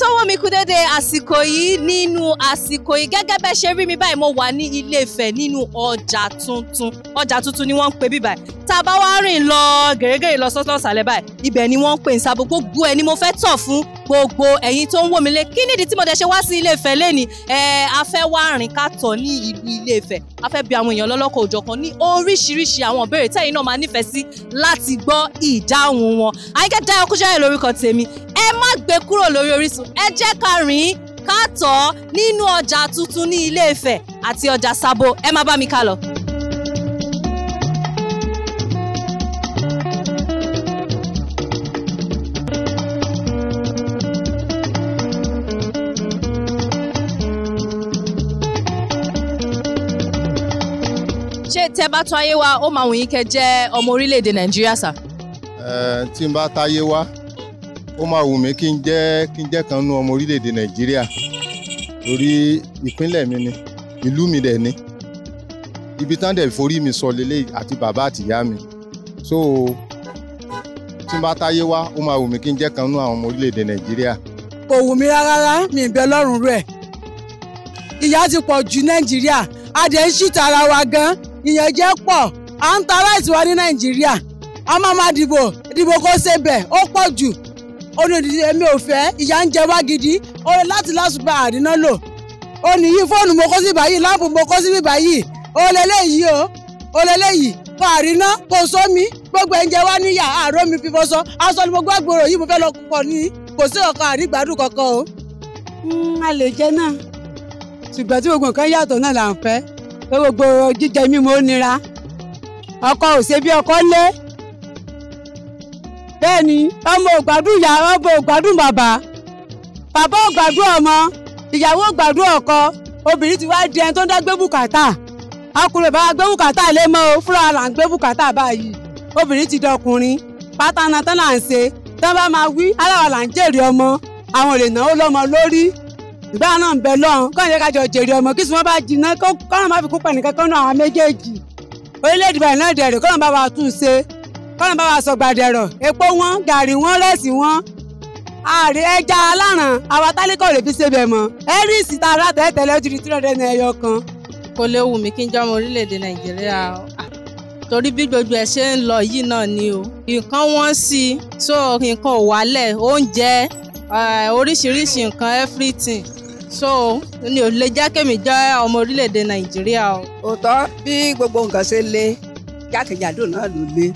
tọ́wọ́ mi kú dédé àsìkò yìí nínú àsìkò yìí gẹ́gẹ́ bẹ́ẹ̀ ṣe rí mi báyìí mo wà ní ilé Ifẹ̀ nínú ọjà tuntun ọjà tuntun ni wọ́n ń pè bí báyìí tá a bá wá rìn lọ gèrègèrè lọ sọ́tọ̀ ọ̀sàlẹ̀ báyìí ibẹ̀ ni wọ́n ń pè ń sábò gbogbo ẹ̀ ni mo fẹ́ tọ̀ fún gbogbo ẹ̀yin tó ń wò mí lé kí nìdí tí mo dẹ̀ ṣe wá sí ilé Ifẹ̀ lẹ́ni ẹ a fẹ́ wá rìn ká tọ̀ ní ìlú ilé Ifẹ̀ a fẹ́ bi àwọn èèyàn lọ́lọ́kọ̀ òjọ̀kan ní oríṣiríṣi àwọn ìbéèrè tẹ́yìn náà máa nífẹ̀ẹ́ sí láti gbọ́ ìdáhùn wọn àyíkẹ́ dá ọkúṣẹ́ lórúkọ tèmi ẹ má gbé kúrò lórí Orísun ẹ jẹ́ ká rìn ká tọ̀ nínú ọjà tuntun ní Ilé Ifẹ̀ àti ọjà Sábó ẹ má bá mi ká lọ. ṣé tẹ bá tún ayé wa ó máa wù yín kẹ́ jẹ́ ọmọ orílẹ̀-èdè nàìjíríà sà. ẹ tí n bá táyé wá ó máa wù mí kí n jẹ́ kí n jẹ́ kan nú ọmọ orílẹ̀-èdè nàìjíríà torí ìpínlẹ̀ mi ni ìlú mi dẹ̀ ni ibi tán dẹ̀ forí mi sọ àti bàbá ìyá mi so tí n bá táyé wá ó máa wù mí kí n jẹ́ kan nú orílẹ̀-èdè mi lọ́rùn rẹ̀ ti nàìjíríà a dẹ̀ ń gan ìyẹn pọ̀ à ń ta ní nàìjíríà a máa dìbò dìbò kó ṣe bẹ̀ pọ̀ jù onídìí èmi ò fẹ́ ìyá ń jẹ wá gidi orin láti lásùpá àríná lò ó ní yí fóònù mo kó sí báyìí láàpù mo kó sí báyìí ó lélẹ́yìí o ó lélẹ́yìí kọ àríná kò sómi gbogbo ẹ̀ǹjẹ̀ wá níyà àárọ̀ mi fífọ́ sọ aṣọ ni mo gbọ́ gbòòrò yìí mo fẹ́ lọ pọ̀ ní kò sí ọ̀kan àrígbádùn kankan o. Hmm, a lè jẹ náà ṣùgbọ́n tí gbogbo nǹkan yàtọ̀ náà là ń fẹ́ gbogbo jíjẹ mímu ó nira ọkọ ò ṣe bí ọkọ lé bẹ́ẹ̀ ni ọmọ ò gbádùn ìyá ọmọ ò bàbá bàbá ò ọmọ ìyàwó ò ọkọ obìnrin ti wá di ẹni tó ń dá bùkátà ọkùnrin bá gbé bùkátà lé mọ́ o fúnra là ń gbé bùkátà báyìí obìnrin ti dọkùnrin pátánà tán là ń ṣe tán bá máa wí aláwa là ń jèrè ọmọ àwọn ò lè náwó lọ́mọ lórí ìgbà náà ń bẹ lọ́hùn kọ́ ìyẹn kájọ jèrè ọmọ kí sùnmọ́ bá jiná kọ́nà má fi kópa nìkan kọ́nà àwọn méjèèjì orílẹ̀-èdè báyìí náà dẹ̀rẹ̀ kọ́nà bá wa tún ṣe kọ́nà bá wa sọ gbàdẹ̀rọ̀ epo wọn gàrí wọn rẹ́sì wọn àrí ẹja aláràn àwa tálíkọ̀ lè fi ṣebẹ̀ mọ́ ẹ́rìsì tá a rà tẹ́tẹ́lẹ́ ó ti di three hundred naira ẹyọ kan. kò lè wù mí kí n jọmọ orílẹ̀-èdè nàìjíríà torí bí gbogbo ẹ ṣe ń lọ yìí náà ni o nǹkan wọ́n sí i so nǹkan ò wálẹ̀ oúnjẹ oríṣiríṣi nǹkan everything so ni ò lè jẹ́ kémi jẹ́ ọmọ orílẹ̀-èdè nàìjíríà o. òótọ́ bí gbogbo nǹkan ṣe lé jákèjádò náà ló lé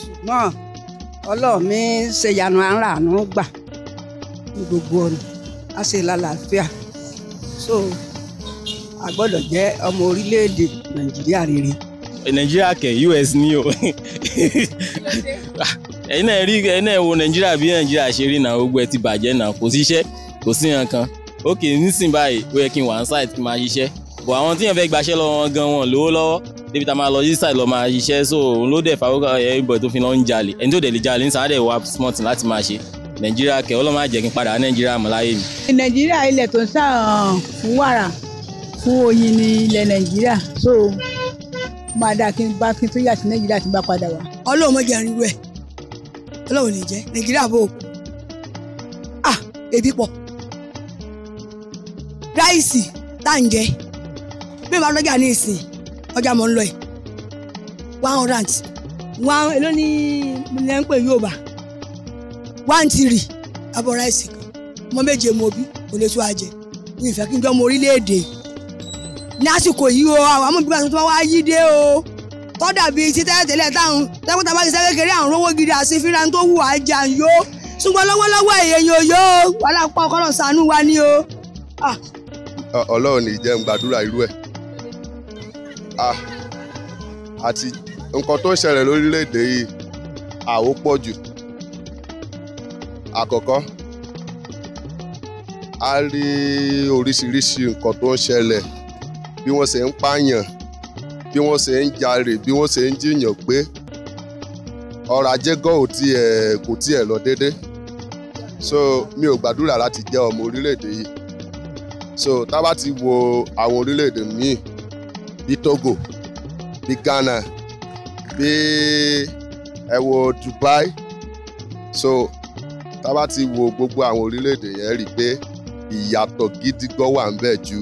ṣùgbọ́n ọlọ́ọ̀mí ṣe yanu aráàánú gbà ní gbogbo ọ̀nà á ṣe lálàáfíà so a gbọ́dọ̀ jẹ́ ọmọ orílẹ̀-èdè nàìjíríà rere. nàìjíríà kẹ us ní o ẹ̀yin náà rí ẹ̀yin náà wo nàìjíríà bí nàìjíríà ṣe rí náà gbogbo ẹ ti bàjẹ́ náà kò síṣẹ́ kò sí nǹkan ok nísìnyí báyìí ó yẹ kí n wà ń ṣáà ti máa ṣiṣẹ́ bọ̀ àwọn tíyẹn fẹ́ gbaṣẹ́ lọ́wọ́ gan wọn lówó lọ́wọ́ débi tá a máa lọ yí sàì lọ máa ṣiṣẹ́ so òun ló dẹ̀ fàwọ́kọ̀ eh, everybody tó fi lọ jalè ẹni tó dẹ̀ lè jalè ń sàn á dẹ̀ wá smart láti máa ṣe nàìjíríà kẹ ọlọ́mọ àjẹkín padà nàìjíríà mọ̀ láyé mi. nàìjíríà ilẹ̀ tó ń sàn um, fún wàrà fún oyin ní ilẹ̀ nàìjíríà so máa dáa kí n bá kí n tó yà sí nàìjíríà tí n bá padà wá. ọlọ́run mọ̀ ah ebi pọ̀ ráìsì tá à ń jẹ bí ọjà mọ̀ ń lọ yìí one hundred one èló ni ilẹ̀ ń pè Yorùbá one three abọ́ ráìsì kan ọmọ méje mo bí kò lè tó a jẹ ní ìfẹ́ kí n jọ mọ orílẹ̀-èdè ní àsìkò yìí o àwọn amúgbìmọ̀ tuntun wá yí dé o kọ́dà bíi ti tẹ́lẹ̀tẹ́lẹ̀ táwọn tẹ́kùtà bá ti sẹ́ kékeré àwọn rówó gidi àti fíran tó wù á jà ń yó ṣùgbọ́n lọ́wọ́lọ́wọ́ èèyàn ò yó wàhálà pọ̀ kọ́nà sànú wa ni o. Ah. Ọlọ́run ní jẹ́ gbàdúrà irú ẹ̀. Ah, àti nǹkan tó ń ṣẹlẹ̀ lórílẹ̀‐èdè yìí àwò pọ̀ jù àkọ́kọ́ a rí oríṣiríṣi nǹkan tó ń ṣẹlẹ̀ bí wọ́n ṣe ń pààyàn bí wọ́n ṣe ń jalè bí wọ́n ṣe ń jiyàn pé ọrọ̀ ajé gan ò tiẹ̀ kò tiẹ̀ lọ déédé so mi ò gbàdúrà láti jẹ́ ọmọ orílẹ̀-èdè yìí so tá bá ti wo àwọn orílẹ̀-èdè míì bí Togo bí Ghana bí ẹ wo Dubai so tá a bá ti wo gbogbo àwọn orílẹ̀-èdè yẹn rí i pé ìyàtọ̀ gidi gan wà ń bẹ̀ ju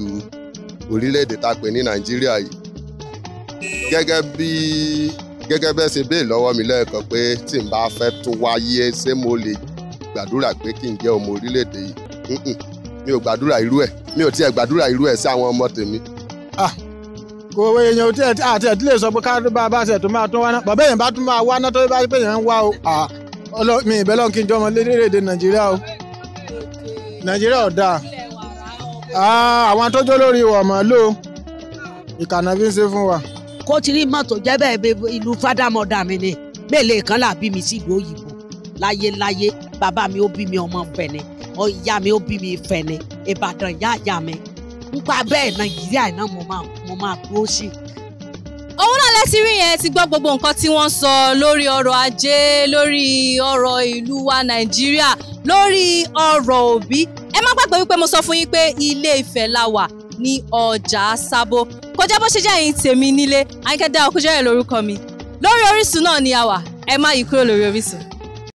orílẹ̀-èdè tá a pè ní Nàìjíríà yìí gẹ́gẹ́ bí gẹ́gẹ́ bẹ́ẹ̀ ṣe béè lọ́wọ́ mi lẹ́ẹ̀kan pé tí n bá fẹ́ tó wáyé ṣé mo lè gbàdúrà pé kí n jẹ́ ọmọ orílẹ̀-èdè yìí mi ò gbàdúrà irú ẹ̀ mi ò tiẹ̀ gbàdúrà irú ẹ̀ sí àwọn ọmọ tèmi ah kò wọ èèyàn tí àti ẹ̀ tí lè sọ pé káàdì bá a bá ṣẹ̀ tó máa tún wá náà bàbá èèyàn bá tún máa wá náà tó bá pè yẹn ń wá o mi ìbẹ́ lọ́n kí n jọmọ lédèrèdè nàìjíríà o nàìjíríà ò dáa àwọn tó jó lórí ìwọ̀ mọ́ ló ìkànnà fi ń ṣe fún wa. kó tí rí mọ́tò jẹ́ bẹ́ẹ̀ ìlú fádámọ́dà mi ni gbèlè kan là bí mi sílùú òyìnbó láyéláyé bàbá mi ó bí mi ọmọ bẹ̀nẹ̀ ìyá mi ó bí mi fẹ̀nẹ̀ ìbàdàn ìyá mi ń bẹ́ẹ̀ nàìjíríà náà mo máa ń mo máa dúró sí. òun náà lẹ́tí rí yẹn ti gbọ́ gbogbo nǹkan tí wọ́n sọ lórí ọrọ̀ ajé lórí ọrọ̀ ìlú wa nàìjíríà lórí ọrọ̀ òbí ẹ má gbàgbé wípé mo sọ fún yín pé ilé Ifẹ̀ la wà ní ọjà sábó kò bó ṣe jẹ́ ẹ̀yin tèmi nílé Àyìnkẹ́ Dára Kújẹ́rẹ́ lórúkọ mi lórí Orísun náà ni a wà ẹ má yí kúrò lórí Orísun.